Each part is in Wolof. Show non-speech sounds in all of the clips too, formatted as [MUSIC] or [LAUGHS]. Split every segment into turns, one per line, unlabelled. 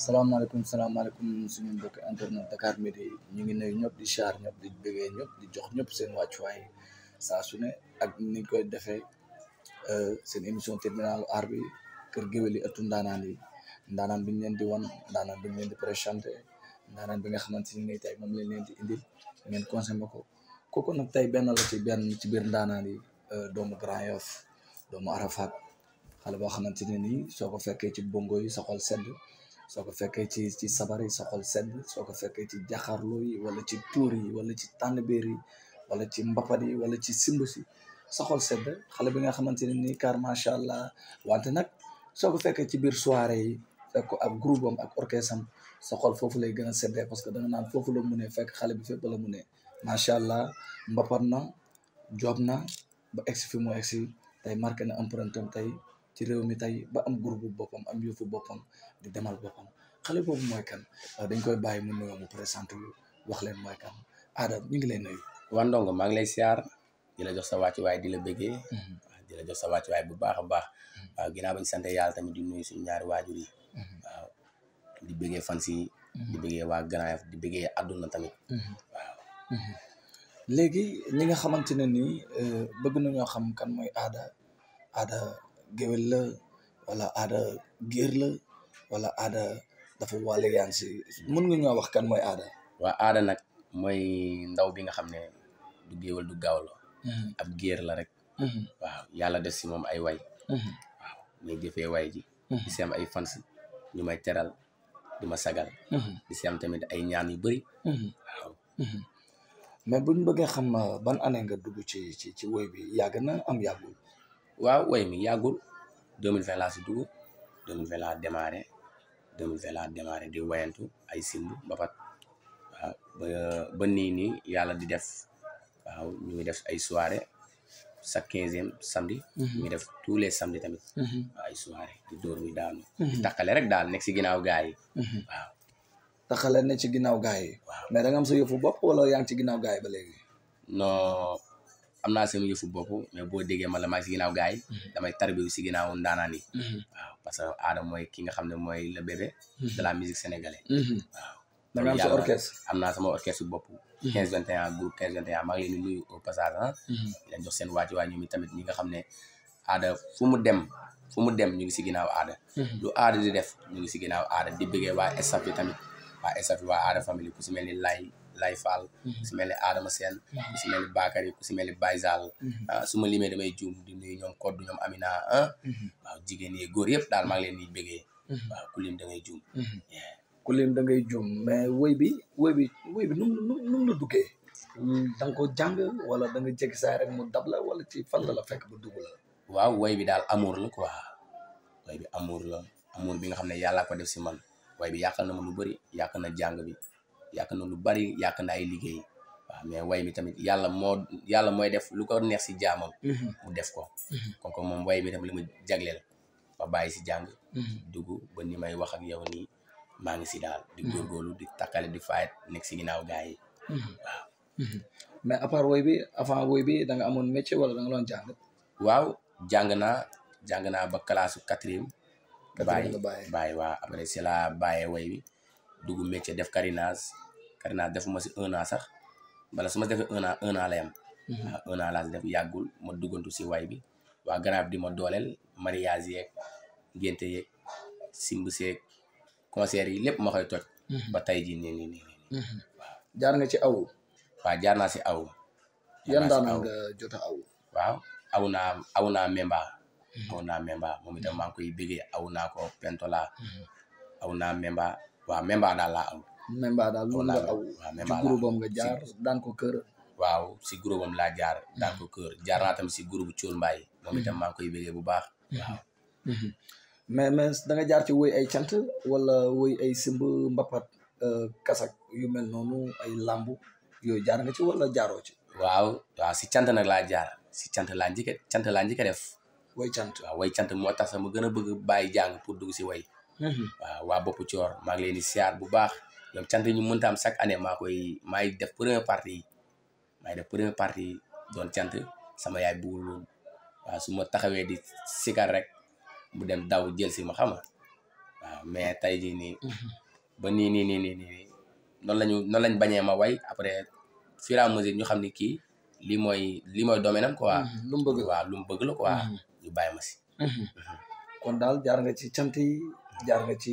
salaamaaleykum salaamaaleykum suñu mbokki internet Dakar Midi ñu ngi nuyu ñëpp di char ñëpp di bëggee ñëpp di jox ñëpp seen wàccuwaay saa su ne ak ni koy defee euh, seen émission terminalu aar bi kër géwél yi ëttu ndaanaan yi ndaanaan bi ñu leen di wan ndaanaan bi ñu leen di présenté ndaanaan bi nga xamante ni ne tey moom lañ di indil ngeen consommé ko kooku nag tey benn la ci benn ci biir ndaanaan yi euh, doomu Grand Yoff doomu Arafat xale boo xamante ne nii soo ko fekkee ci bongo yi sa xol sedd soo ko fekkee ci ci sabar yi sa xol sedd soo ko fekkee ci jaxarlu yi wala ci tuur yi wala ci tànnbeer yi wala ci mbapat yi wala ci simbu si sa xol sedd xale bi nga xamante ne nii car macha allah wante nag soo ko fekkee ci biir soirée yi fekk ko ak groupe am ak orchestre am sa xol foofu lay gën a seddee parce que da nga naan foofu la munee fekk xale bi fépp la munee macha allah mbapat na job na ba egsi fi mu egsi tey marqué na empreinte tey ci réew mi tey ba am groupe boppam am yëfu boppam di demal boppam xale boobu mooy kan ah, dañ koy bàyyi mu nuyoo sant yu wax leen mooy kan aada ñu ngi
leen nuyu. waa Ndongo maa ngi lay siyaar di la jox sa wàccuwaay di la bëggee. Mm-hmm. Ah, di la jox sa bu baax a baax. waaw mm-hmm. ah, ginnaaw ba ñu sant yàlla di nuyu suñu ñaari waajur yi. waaw mm-hmm. di bëggee fan si. di bëggee waa Grand di bëggee àdduna tamit.
léegi ñi nga xamante ne nii eh, bëgg nañoo xam kan mooy aada aada géwél la wala aada géer la wala aada dafa wàlle yaan si
mën nga ñoo wax kan mooy aada waa aada nag mooy ndaw bi nga xam ne du géwél du gaawlo mm-hmm. ab géer la rek mm-hmm. waaw yàlla def si moom ay way mm-hmm. waaw muy jëfee way ji si am ay fans ñu may teral di ma sagal di si am tamit ay ñaan yu bëri mais buñ bëggee xam ah, ban année nga dugg ci ci ci woy bi yàgg na am yàggul waaw way mi yàggul 2020 laa si dugg 2020 laa démarré 2020 laa démarré di wayantu ay simbu mbapat ba ba nii nii yàlla di def waw ñu ngi def ay soirée chaque quinzième samedi mhm. ñu def tous les samedi tamit mhm. waaw ay soirée di dóor mi daanu mhm. di takkale rek daal nekk si ginnaaw gaay yi waaw takkale
ci ginnaaw gaay yi mais da nga bopp wala yaa ngi ci ginnaaw gaay yi ba
léegi non am naa sama yëfu bopp mais boo déggee ma la maa si ginnaaw gars mhm. damay tarbiyu si ginnaaw ndaanaan
mhm. waaw
parce que Adama mooy ki nga xam ne mooy le bébé mhm. de la musique sénégalaise
waaw am sa orchestre
am naa sama orchestre bopp quinze vingt et un groupe quinze vingt et un maa ngi leen di nuyu au passage ah waaj waay ñoom tamit ñi nga xam ne aada fu mu dem fu mu dem ñu ngi si ginnaaw aada lu aada di def ñu ngi si ginnaaw aada di bëggee waa estaf yi tamit waa estaf waa aada famille ku si mel ni lay Lay Fall ku si mhm. mel ni Adama Sène mhm. ku si mel ni Bakary ku si mel ni Baye Sall mhm. ah, su ma limee damay juum di nuyu ñoom Koddu ñoom Amina ah waaw jigéen yi góor yëpp daal maa leen ni bëggee waaw ku lim da ngay juum
ku lim da ngay juum mais woy bi woy bi nu duggee da nga ko jàng wala da nga jéggi saa rek mu dab la wala ci fan la la fekk bu dugg
waaw woy bi daal amour la ko woy bi amour la amour bi nga xam ne yàlla ko def si man woy bi na ma lu bëri yàq na jàng bi yàq na lu bari yàq na ay liggéey waaw mais way mi tamit yàlla moo yàlla mooy def lu ko neex si jaamam mhm. mu def ko mhm. kon moom way mi tamit la ma jagleel ma bàyyi si jàng mhm. dugg ba ni may wax ak yow nii maa ngi si daal di góorgóorlu di takkale di faayet nekk si ginnaaw gars yi
waaw mais à part woy bi avant woy bi da amoon métier wala da nga doon
waaw jàng naa jàng naa ba classe quatrième bàyyi bàyyi waaw après c'est la bàyyee woy dugg métier def carénage Carina defuma si un an sax bala su ma defee un an un
mhm.
laa si def yàggul ma duggantu si way bi waa Garaab di ma dooleel mariage yeeg ngénte yeeg simb seeg concert yi lépp ma koy toj. Mhm. ba tey jii nii nii nii mhm. jaar nga ci aw. waaw jaar naa si aw. yan nga jot aw. waaw aw naa aw naa moom itam maa koy bëggee aw naa ko pentola. aw naa memba waaw memba daal laa aw. Memba daal loolu nga aw ci groupam nga jaar daan ko kër waaw si groupam laa jaar hmm. daan ko kër jaar naa tamit si groupe Thiol Mbaye moom itam hmm. maa koy bégee bu baax
waaw hmm. mais mais jaar ci woy ay cant wala woy ay simb mbapat euh, kasak yu mel noonu ay làmb yooyu jaar nga ci wala
jaaroo ci waaw si cant nag laa jaar si cant laa njëkk cant laa njëkk def way cant waaw way cant moo tax sama gën a bëgg bàyyi jàng pour dugg si way waaw waa coor maa ngi leen bu baax donc cant ñu mënta am chaque année maa koy maay def première partie maay def première partie doon cant sama yaay buggul woon waaw su ma taxawee di sikar rek mu dem daw jël si ma xama waaw mais tey ji nii. Mm-hmm. ba nii nii nii nii nii noonu la ñu noonu lañ bañee ma way après fur et à ñu xam ni kii lii mooy lii mooy domaine am quoi. Mm-hmm. lu bëgg waaw lu mu bëgg la quoi. Mm-hmm. ñu bàyyi ma si.
kon daal jaar nga ci cant yi jaar nga ci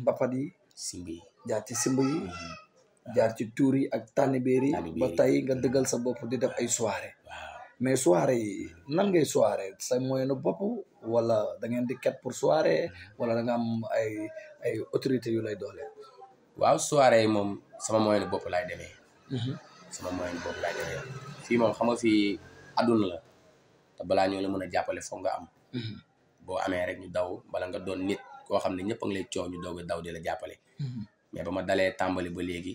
mbapat yi. simb yi jaar ci simb yi mhm. jaar ci tuur yi ak tànnibeer yi ba tey nga dëggal sa bopp di def ay soirée mais soirée yi nan ngay soirée sa moyen bopp wala da ngeen di ket pour soirée mhm. wala da am ay ay autorité yu lay doole
waaw soirée yi moom sama moyenu bopp laay demee mhm. sama moyenu bopp laay demee fii moom xam nga fii àdduna la te balaa ñoo la mën a jàppale foog nga am boo amee rek ñu daw bala nga doon nit koo xam ne ñëpp a ngi lay ñu doog daw di la jàppale. Mm-hmm. mais ba ma dalee tàmbali ba léegi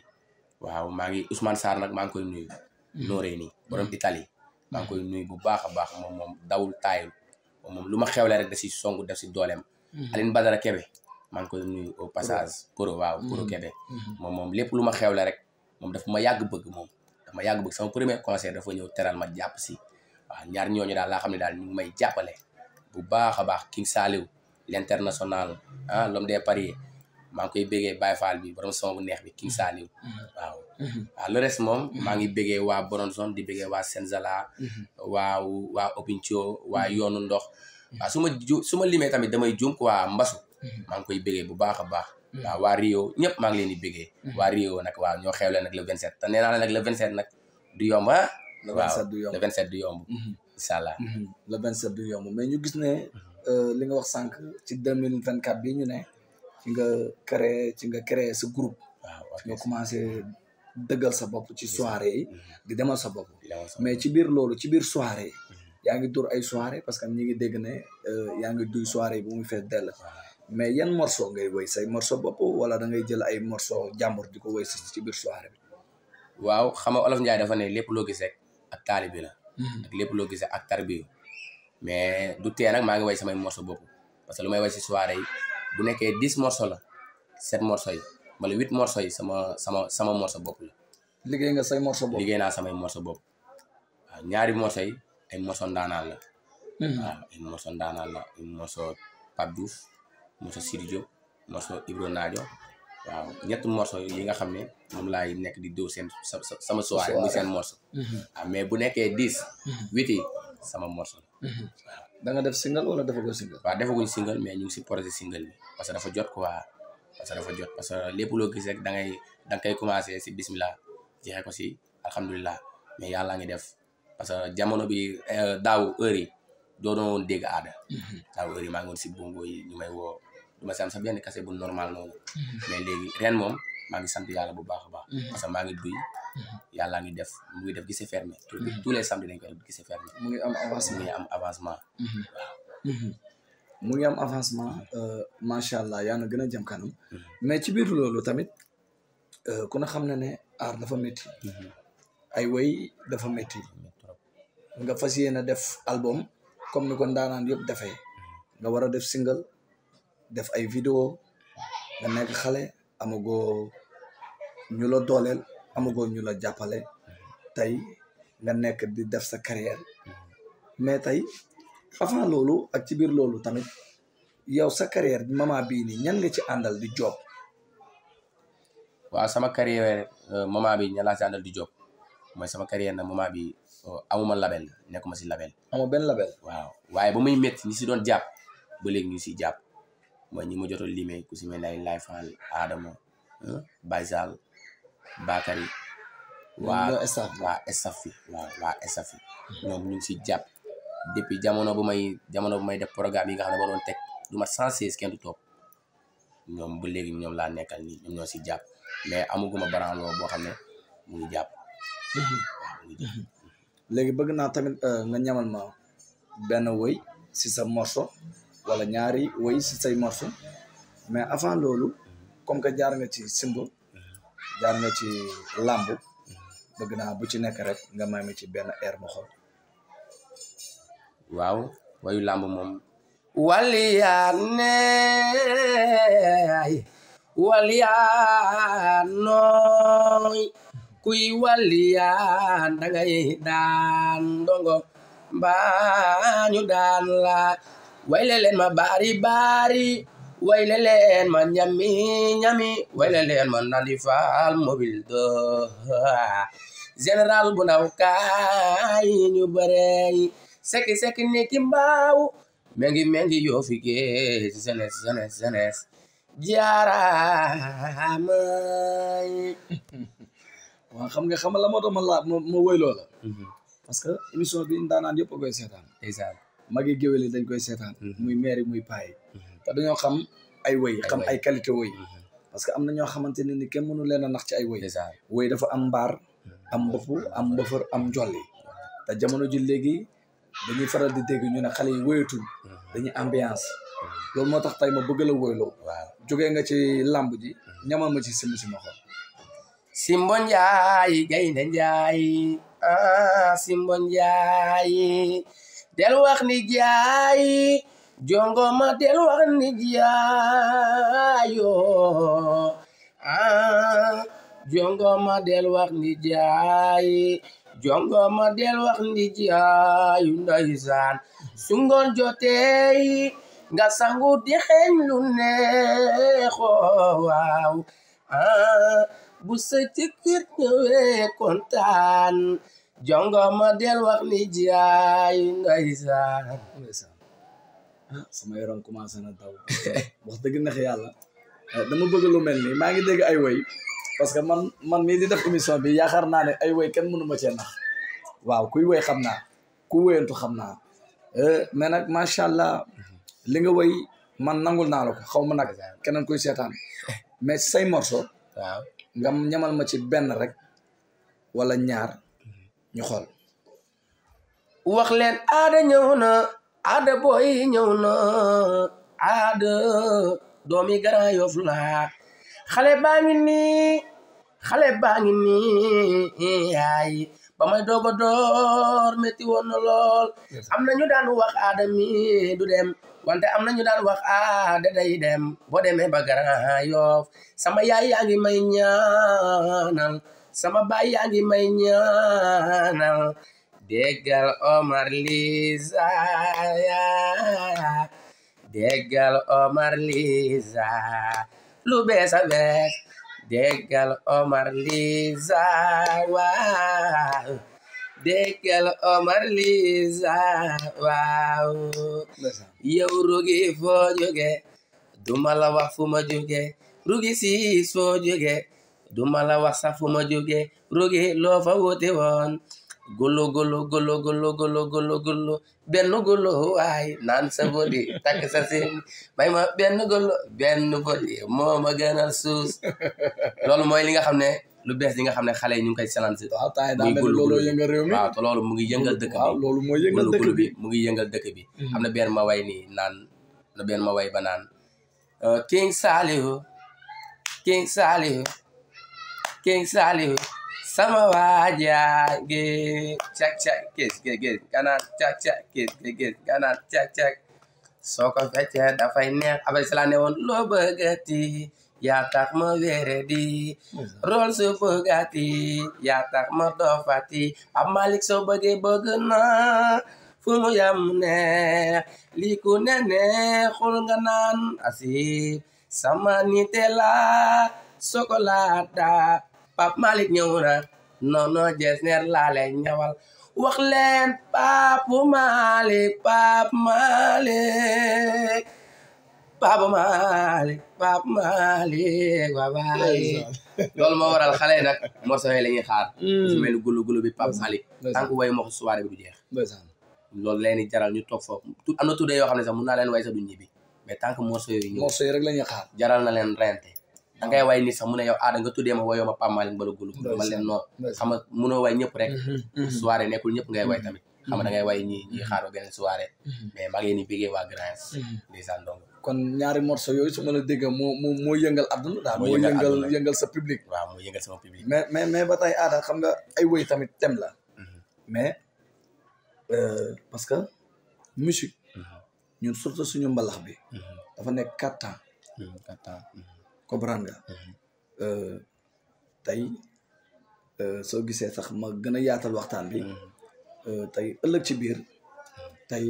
waaw maa ngi Ousmane Sarr nag maa ngi koy nuyu. Mm-hmm. nooree nii borom mm-hmm. Italie maa ngi koy nuyu bu baax a baax moom moom dawul taayul moom lu ma xewle rek da si songu def si dooleem. Aline Badara Kebe maa ngi koy nuyu au passage. Poro waaw moom moom lépp lu ma xewle rek moom daf ma yàgg bëgg moom daf ma yàgg bëgg sama premier concert dafa ñëw teral ma jàpp si waaw ñaar ñooñu daal laa xam ne daal ñu ngi may jàppale bu baax a baax ki Saliou l'international ah l'homme des paris maa ngi koy béggee Baye Fall bi borom son bu neex bi King Saliou waaw waaw mm-hmm. ah, le moom mm-hmm. maa ngi béggee waa Boron Zone di béggee waa sen Senzala mm-hmm. waa waa Opintio waa yoonu ndox waaw ah, su ma ju su ma limee tamit damay juum waa mbasu maa ngi koy béggee bu baax a baax waaw ah, waa Rio ñëpp maa ngi leen di béggee waa Rio nag waaw ñoo xewle la le vingt sept te nee naa la nag le vingt sept nag du yomb ah le vingt du yomb le vingt
sept du yomb mais Euh, li nga wax sànq ci deux mille vingt quatre bi ñu ne ci nga créé ci nga créé sa groupe ci nga commencé dëggal sa bopp ci soirée yi mm-hmm. di demal sa bopp mais ci biir loolu ci biir soirée yi mm-hmm. yaa ngi tur ay soirée parce que ñi ngi dégg ne euh, yaa ngi duy soirée bu muy fees dell mais yan morceau ngay woy say morceau bopp wala da ngay jël ay morceau jàmbur di ko woy si ci biir soirée bi
waaw xam nga olof Njaay dafa ne lépp loo gis rek ak taalibi la mm-hmm. ak lépp loo mais du tee nag maa ngi way samay morceau bopp parce que lu may way si soirée bu nekkee dix morceau la sept morceau yi wala huit morceau yi sama sama sama morceau bopp la. liggéey nga say morceau bopp liggéey naa samay morceau bopp ñaari morceau yi ay morceau ndaanaan la. Hmm. waaw ay morceau ndaanaan la ay morceau Pape Diouf morceau Sidi Diop morceau Ibro yi nga xam ne moom laay nekk di dóor seen sama soirée muy seen morceau. Hmm. mais bu nekkee dix. Hmm. huit sama morceau. Mhm. da nga def single wala defagoo single. waaw defaguñ single mais ñu ngi si projet single bi parce que dafa jot quoi parce que dafa jot parce que lépp loo gis rek da ngay da nga commencé si bismillah jeexee ko si alhamdulilah mais yàlla ngi def parce que jamono bi euh, daaw heure yi doo doon dégg aada. Mhm. daaw heure yi maa ngi woon si bongo ñu may woo du ma si am sa benn kase bu normal noonu. Mhm. mais léegi ren moom maa ngi sant yàlla bu baax a baax. parce que maa ngi duy Mm-hmm. yàlla ngi def mu ngi def gise fermé tous les mm-hmm. samedi dañ koy def gise fermé mu ngi am avancement mu ngi am avancement
mm-hmm. waaw mu ngi am avancement euh, macha allah yaa gën a jëm kanam mais ci biir loolu tamit euh, ku na xam na ne aar dafa métti ay way dafa métti nga fas yéene def album comme ni ko ndaanaan yëpp defee nga war a def single def ay vidéo nga nekk xale amagoo ñu la amagoo ñu la jàppale tey nga nekk di def sa carrière mais tey avant loolu ak ci biir loolu tamit yow sa carrière bi maman bii nii ñan nga ci àndal di job
waaw sama carrière euh, maman bi ñan laa ci àndal di job mooy sama carrière na maman bi euh, amuma label ma si label.
amoo benn label.
waaw waaye ba muy métti ñi si doon jàpp ba léegi ñu si jàpp mooy ñi ma joto limee ku si mel ne ay Laye Fall Adama euh, Baye Bakary waa waa estaf fi ñoom ñu si jàpp depuis jamono bu may jamono bu may def programme yi nga xam ne ba doon teg du ma cent kenn du toog ñoom bu léegi ñoom laa nekkal ni ñoom ñoo si jàpp mais amaguma baranloo boo xam ne mu ngi jàpp mhm.
mhm. léegi bëgg naa tamit euh, nga ñamal ma benn woy si sa morso wala ñaari woy si say morceau mais avant loolu mhm. comme que jaar nga ci simba jaar nga ci làmb bëgg naa bu ci nekk nga may ma ci benn air ma xool
waaw wayu làmb moom waliyaaney waliyaanooy kuy waliyaan dangay daan ndongo mbaa ñu daan la way leen ma baari baari wayla leen ma ñami ñami wayla leen ma nandi faal mobile général bu naw kaay ñu bërey seki seki ni ki mengi mengi yoo fi géej jeunesse jeunesse jeunesse
[LAUGHS] xam nga xam la moo tax ma laa ma woy loola mhm. parce que émission bi ndaanaan géwél dañ koy seetaan mhm. muy maire muy paay te dañoo xam ay woy xam ay qualité woy mm-hmm. parce que am na ñoo xamante ne ni kenn mënu leen a nax ci ay woy woy dafa am mbaar mm-hmm. am mbëpp am mbëfër am njolli te jamono ji léegi dañuy faral di dégg ñu ne xale yi woyatul mm-hmm. dañuy ambiance loolu moo tax tey ma bëgg la woyloo jógee nga ci làmb ji ñamal ma ci simb si ma xool
simbo njaay gaynde njaay ah simbo njaay del wax ni jongo ma del warni jaayo ah jongo ma del warni jaayi jongo ma del warni jaayu ndeysaan su ngoon jotee nga sangu di lu neexoo waaw ah bu sa jëkkër ñëwee kontaan jongo ma del warni jaayu ndeysaan
[LAUGHS] sama yaram commencé na daw wax dëgg neex yàlla eh, ma bëgg lu mel nii maa ngi dégg ay woy parce que man man mii di def émission bi yaakaar naa ne ay woy kenn mënu ma cee nax waaw kuy woy xam naa ku woyantu xam naa eh, mais nag macha allah mhm. li nga woy man nangul naa la xaw ma nag keneen kuy seetaan [LAUGHS] mais sey morso waaw nga ñamal ma ci benn rek wala ñaar mhm. ñu xool
wax ñëw na aada booy ñëw na aada doomi Grand Yoff la xale baa ngi nii xale baa ngi nii yaay ba may doog a door na lool am na ñu daan wax aada mi du dem wante am na ñu daan wax aada day dem boo demee ba Grand Yoff sama yaay yaa ngi may ñaanal sama baay yaa may ñaanal déggal Omar Lisa déggal Omar Lisa lu bees bees déggal Omar Lisa waaw déggal Omar Lisa waaw yow rugi foo jóge duma la wax fu ma jóge rugi siis duma la wax sax fu ma jóge loo fa wuti woon golo golo golo golo golo golo golo benn golo naan sa bodi takk sa seen ma benn golo benn bodi moo ma suus loolu mooy li nga xam ne lu bees li nga xam ne xale yi ñu ngi koy loolu te loolu mu ngi yëngal dëkk bi mu ngi yëngal dëkk bi mm-hmm. am na benn ma way nii naan na benn ma way ba naan euh, King Saliou King Saliou King Saliou sama waa jaa ngeen cak cak gis gis ganaan cak cak gis gis ganaan cak cak soo ko dafay neex abay sala ne woon loo bëggati hmm. yaa tax ma wéredi rôle su bëggati yaa tax ma dofati ab malik soo bëggee bëgg na fu mu neex lii ku ne neexul nga naan asib sama nite la sokolaa Pape Malick ñëw na nono jesner laa leen ñawal wax leen Pape Malick Pape Malick Pape Malick Pape Malick loolu moo waral xale yi nag morceau yi la ñuy xaar su hmm. mel ni gulu gulu bi Pape Malick tant que way moo soirée bi du jeex loolu leen di jaral ñu toog foofu am na yoo xam ne sax mun naa leen way sax du ñibbi mais tant que morceau yooyu yi rek la ñuy xaar jaral na leen rente da ngay way nit sax mu ne yow aada ah, nga tuddee ma wayoo ma Pape Malick Mbala Goulou ma leen noonu xam nga munoo way ñëpp rek mhm. Mhm. soirée nekkul ñëpp ngay way mhm. tamit xam nga da ngay way ñi ñi xaaroo beneen soirée mais maa ngi leen di bégee waa Grance ndeysaan donc
kon ñaari morceau yooyu su ma la dégg moo moo moo yëngal àdduna sa public waaw moo yëngal sama public xam nga ay woy tamit thème la mais euh, parce que musique ñun surtout suñu mbalax bi dafa nekk quatre ans quatre ans comprendre nga mm-hmm. euh, tey euh, soo gisee sax ma gën a yaatal waxtaan bi mm-hmm. euh, tey ëllëg ci biir mm-hmm. tey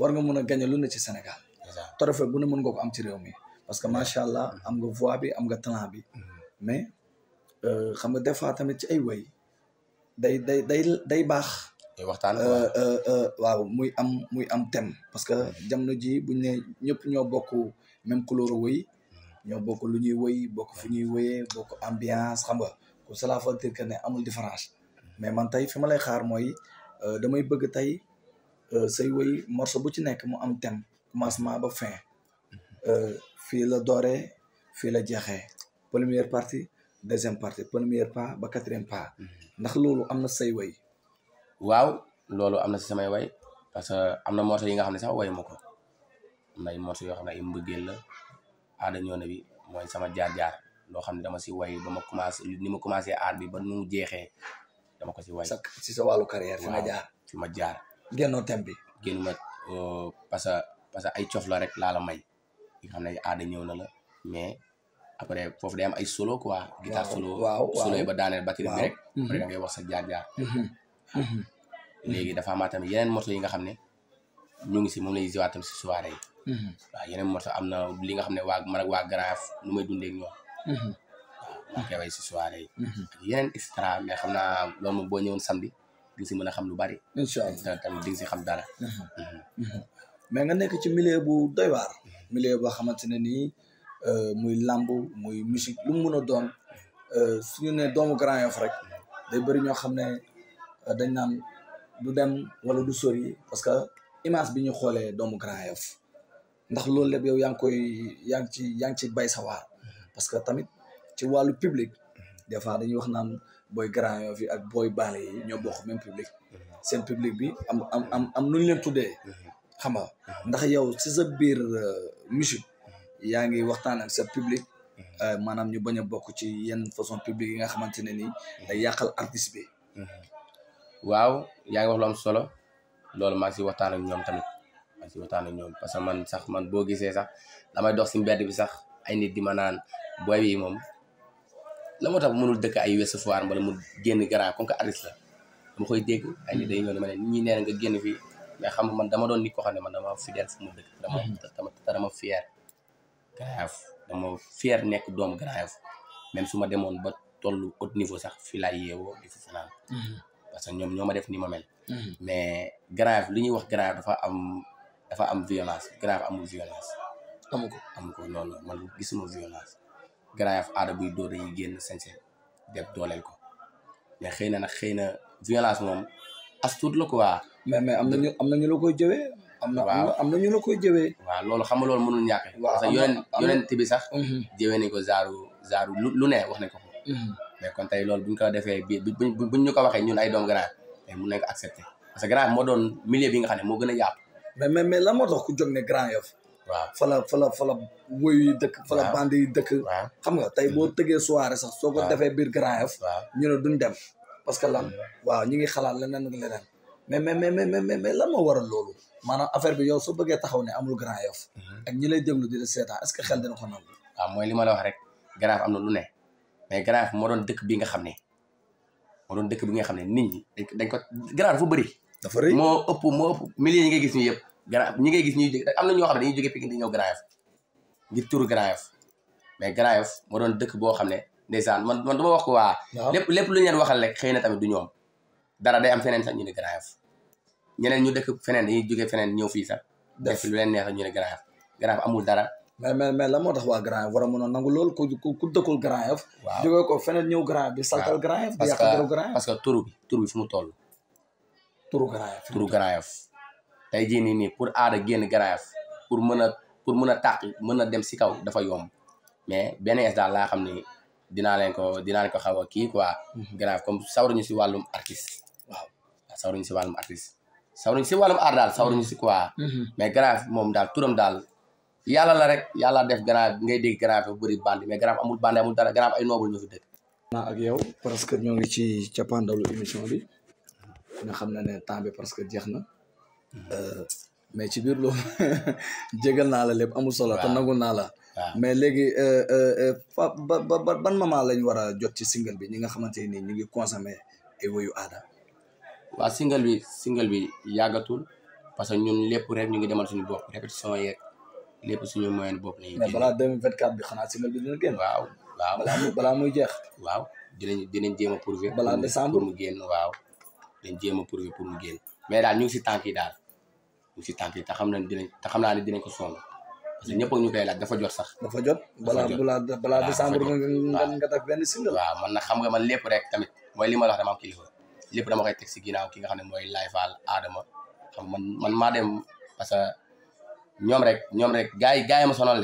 war nga mun a gañe lu ne ci Sénégal trophée bu ne mën nga am ci réew mi parce que macha allah am nga voix bi am nga talent bi mais xam nga des fois tamit ci ay way day day day day baax waxtaan waaw muy am muy am thème parce que jamono ji buñ ne ñëpp ñoo bokk même couleur wëy ñoo bokk lu ñuy woy bokk fu ñuy woyee bokk ambiance xam nga ko cela veut que ne amul différence mais man tey fi ma lay xaar mooy euh, damay bëgg tey euh, say woy morceau bu ci nekk mu am thème commencement ba fin euh, fii la dooree fii la jeexee première partie deuxième partie premier pas ba quatrième pas
ndax loolu am na say woy waaw loolu am na si samay woy parce que am na morceau yi nga xam ne sax woy ma ko am na yoo xam ne ay mbëggeel la aada ñoone bi mooy sama jaar-jaar loo xam ne dama si way ba ma commencé ni ma commencé aar bi ba nu mu jeexee dama ko si way si sa wàllu carrière fi ma jaar fi ma jaar génnoo thème bi génn ma euh, parce que parce que ay cof la rek laa la may yi nga xam ne aada ñëw na la mais après foofu de am ay solo quoi guitare solo solo yi ba daaneel batterie bi rek mhm. après da wax sa jaar-jaar
mhm. Mhm.
léegi dafa amaat tamit yeneen morceau yi nga xam ne ñu ngi si moom lay ziwaat tam si soirée Mm-hmm. waaw yeneen morceau am na li nga xam ne waa man ak waa Garaaf nu may dundee ak ñoom. Mm-hmm. waaw way si soirée yi. Mm-hmm. extra mais xam naa loolu moom boo ñëwoon samedi di si mën a xam lu bari. incha allah di nga xam dara. mais nga nekk ci
milieu bu doy waar. milieu boo xamante ne nii euh, muy làmb muy musique lu mu mun a doon euh, su ñu doomu Grand Yoff rek day bëri ñoo xam ne euh, dañ naan du dem wala du sori parce que image bi ñu xoolee doomu Grand Yoff ndax loolu lépp yow yaa ngi koy yaa ngi ci yaa ngi ci bay sa parce que tamit ci wàllu public des fois dañuy wax naan booy grand yoo fi ak booy baale yi ñoo bokk même public seen public bi am am am am nu leen tuddee xam nga ndax yow si sa biir euh, musique yaa ngi waxtaan ak sa public euh, maanaam ñu bañ
a bokk ci yenn façon public yi nga xamante ne nii day yàqal artiste bi waaw yaa ngi wax lu solo loolu maa si waxtaan ak ñoom tamit ma si waxtaan ak ñoom parce que man sax man boo gisee sax damay dox si mbedd sax ay nit di ma naan booy bi moom la moo tax mënul dëkk ay Ouest Foire mbala mu génn Grand comme que artiste la dama koy dégg ay nit day ñëw ne nga génn fii mais xam nga man dama doon nit ko ne man dama fidèle fu mu dëkk dama mhm. dama fier Grand dama fier nekk doomu Grand même su ma demoon ba tollu haut niveau sax fi laay yeewoo di fi fanaan mhm. parce que ñoom ñoo ma def ni ma mhm. mais Grand li ñuy wax Grand dafa am dafa am violence Grand amul violence. amu ko amu ko non non man gisuma violence Grand Yoff aada buy dóor yi génn sañse def dooleel ko mais xëy na nag xëy na violence moom as tuut la ko waa mais am na ñu am na ñu la koy jëwee. am na am na ñu la koy jëwee. waaw loolu xam nga loolu mënul ñàkk. parce que yonent yonent bi sax. Mhm. jëwee nañ ko zaaru zaaru lu lu ne wax nañ ko ko. Mhm. mais lool tey buñ ko defee bi buñ buñ ñu ko waxee ñun ay doom Grand Yoff tey mun nañ ko accepter parce que Grand Yoff doon milieu bi nga xam ne moo gën a yaatu. mais mais mais lan moo tax ku jóg ne
Grand Yoff waaw fa la fa dëkk fa la dëkk xam nga tey boo tëgee soirée sax soo ko defee biir Grand Yoff ñu ne duñ dem parce que lan waaw ñu ngi xalaat leneen ak leneen mais mais mais mais mais lan moo waral loolu maanaam affaire bi yow soo bëggee taxaw ne amul Grand Yoff mhm. ak ñi lay déglu di la seetaan est-ce que xel dina ko nangu
waaw mooy lima ma la wax rek Grand am na lu ne mais Grand moo doon dëkk bi nga xam ne moo doon dëkk bi nga xam ne nit ñi dañ ko Grand Yoff dafa bëri dafa rëy moo ëpp moo ëpp yi nga gis ñu yëpp Grand ñi ngay gis ñuy jóge am na ñoo xam ne dañuy jóge Pikine di ñëw turu Grand Yoff mais Grand moo doon dëkk boo xam ne ndeysaan man man du ma wax ko waa lépp lépp lu ñu leen waxal rek xëy na tamit du ñoom dara day am feneen sax ñu ne Grand Yoff ñeneen ñu dëkk feneen dañuy jóge feneen ñëw fii sax def lu leen neex ñu ne Grand Yoff Grand Yoff amul dara
mais mais mais lan moo tax waa Grand Yoff war a mën a nangu loolu ku ku dëkkul Grand waaw bi saltal Grand Yoff bi parce
que turu bi turu bi fu mu toll turu Grand tey jii nii nii pour aada génn garaaf pour mën a pour mën a tàq mën a dem si kaw dafa yomb mais beneen daal laa xam ni dinaa leen ko dinaa leen ko xaw a kii quoi. Mhm. garaaf comme sawaruñu si wàllum artiste. waaw sawaruñu si wàllum artiste sawaruñu si wàllum art daal sawaruñu si quoi. Mhm. mais garaaf moom daal turam daal yàlla la rek yàlla def garaaf ngay dégg garaaf bu bëri bandi mais garaaf amul bandi amul dara garaaf ay noobul ñoo fi dëkk.
naa ak yow parce que ñoo ngi ci cappaandalu émission bi nga xam ne ne temps bi parce que jeex na. Euh, mais ci biir loolu [LAUGHS] jégal naa la lépp amul solo te nagul naa la mais léegi euh, euh, ba ba ban moment lañ war a jot ci single bi ñi nga xamante ni ñu ngi consommé ay woyu aada
waaw single bi single bi yàggatul parce que ñun lépp rek ñu ngi demal suñu bopp répétition yeeg lépp suñu moyen bopp la ñuy mais balaa 2024
bi xanaa single bi dina génn
waaw waaw balaa muy jeex waaw dinañ dinañ jéem a prouver balaa pour mu génn waaw dinañ jéem a prouver pour mu génn mais daal ñu ngi si tànk yi daal mu si tànk yi te xam nañ dinañ te xam naa ne dinañ ko sonn parce que ñëpp ñu koy laaj dafa jot sax.
dafa jot balaa balaa balaa décembre nga
nga def benn single. waaw xam nga man lépp rek tamit mooy li ma la wax dama lépp dama koy teg si ginnaaw ki nga xam ne mooy layfaal aadama xam man man maa dem parce que ñoom rek ñoom rek gars yi gars yi ma sonal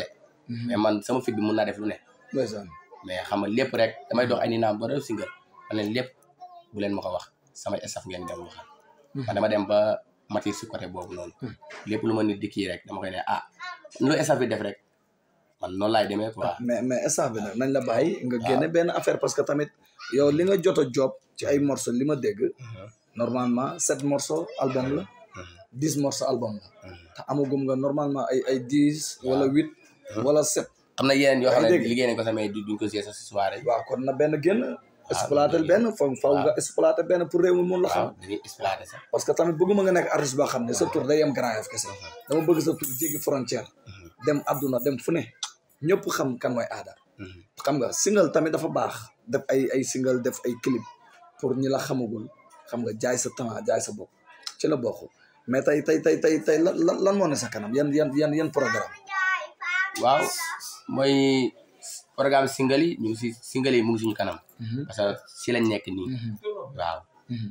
mhm. mais man sama fit bi mun naa lu ne. mais xam nga lépp rek damay dox ay ni naam ba def lépp bu leen ma ko wax sama staff ngeen dem waxal. Mhm. man dama dem ba. mati si côté boobu noonu hmm. lépp lu ma nit di rek dama koy ne ah lu staff def rek man noonu laay demee quoi ah,
mais mais staff bi nag nañ la bàyyi ah. nga génne ah. benn affaire parce que tamit yow li nga jot a job ci ay hmm. morceaux li ma dégg hmm. normalement sept morceaux album la dix morceaux album la te amagum nga normalement
ay ay dix wala huit wala sept am na yeneen yoo xam ne liggéey nañ ko samay duñ ko si waaw kon na benn génn exploité
ah, benn fa faw nga exploité benn pour réew mi la xam ah, parce que tamit bëgguma nga nekk artiste boo xam ne sa day yem Grand Yoff kese dama bëgg sa tur frontière mhm. dem adduna dem fu ne ñëpp xam kan mooy aada mhm. xam ga single tamit dafa baax def ay ay single def ay clip pour ñi la xamagul xam nga jaay sa temps jaay sa bopp ci la bokk mais tey tey tey tey tey lan lan moo ne sa kanam yan yan yan yan programme
waaw programme single yi ñu ngi si single yi mu ngi suñu kanam. Mhm. parce que si lañ nekk nii. Mhm. waaw. Mhm.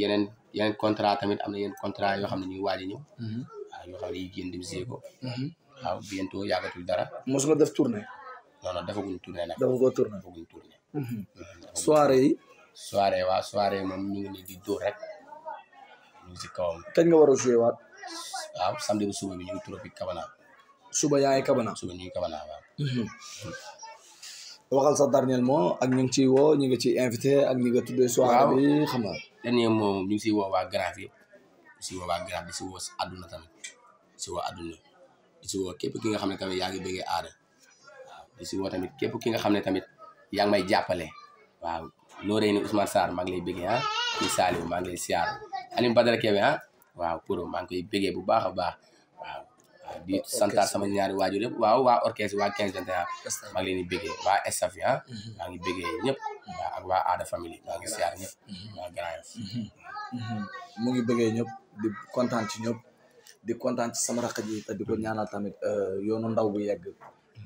yeneen yeneen contrat tamit am na yeneen contrat yoo xam ne ñuy waaj a ñëw. waaw xam ne yi génn dem ko. waaw bientôt yàggatul dara.
mos nga def tournée.
non non defaguñ tournée nag.
defagoo tournée
defaguñ tournée. yi. soirée waaw soirée moom ñu ngi nii di dóor rek ñu ngi si kawam. kañ nga war a joué waat. waaw samedi bu suba bi ñu ngi Kabana.
suba yaay Kabana. suba ñu Kabana waaw. waxal sax dernier mot ak ñu ngi ciy woo ñu ngi ciy invité ak ñi nga tuddee soirée bi xam nga
dernier moom ñu ngi siy woo waa Graaf yëpp si woo waa Graaf si woo si àdduna tamit si woo àdduna képp ki nga xam ne tamit yaa ngi bëggee aada waaw di képp ki nga xam ne tamit yaa ngi may jàppale waaw looree ni Ousmane Sarr maa ngi lay bëggee ah kii Saliou maa ngi lay siyaar Alioune Badara Kébé ah waaw pour maa ngi koy bëggee bu baax a baax waaw di santaar sama ñaari waajur waaw waa orchestre waa 15 21 maa ngi leen di bëggee waa staff yi ah. mhm. ngi bëggee ñëpp waa ak waa aada famille maa ngi siyaar ñëpp mhm.
mhm. mu ngi bëggee ñëpp di kontaan ci ñëpp di kontaan ci sama rakk ji te di ko ñaanal tamit euh, yoonu ndaw bu yegg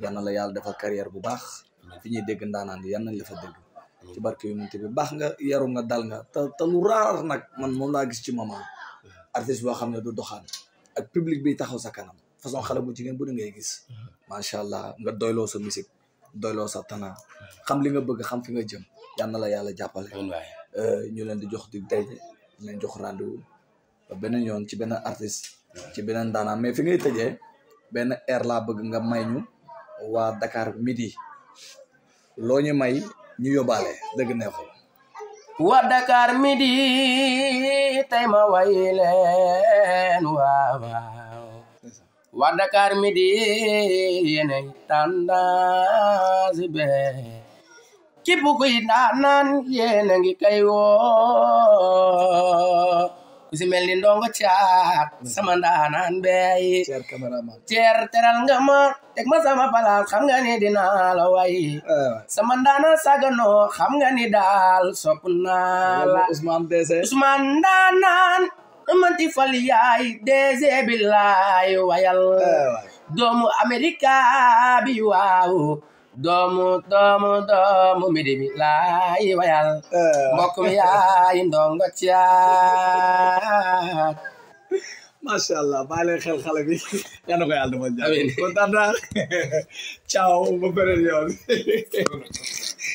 yal na la yàlla defal carrière bu baax fi ñuy dégg ndaanaan yi nañ la fa dégg ci barke yu baax nga yaru nga dal nga te te lu raar nag man moom laa gis ci maman artiste boo xam ne du doxaan ak public bi taxaw sa kanam façon xale bu jigéen bu ne ngay gis macha allah nga doyloo sa musique doyloo sa tana xam li nga bëgg xam fi nga jëm yal na la yàlla jàppale euh, ñu leen di jox di daje ñu jox rendez-vous beneen yoon ci beneen artiste ci beneen daanaan mais fi ngay tëjee benn air laa bëgg nga may ñu waa Dakar midi loo ñu
may ñu yóbbaale dëgg neexul waa Dakar midi tey ma way leen waa Dakar midi yéenay tendance be képp kuy daanaan yéena ngi kay woo ku si mel ni ndongo caat sama ndaanaan ceer teral nga ma teg ma sama palaas xam nga ni dinaa la way sama ndaanaan saganoo xam nga ni daal sopp naa la Ousmane Ousmane manti fal yaay dese billaay wayal eh, doomu amerika bi doomu doomu doomu midi wayal eh, mbokk mi yaay ndongo
caat macha allah bàyyi xel xale bi [LAUGHS] yal na ko yàlla defal jàmm kontaan naa [LAUGHS] ciao ba [LAUGHS]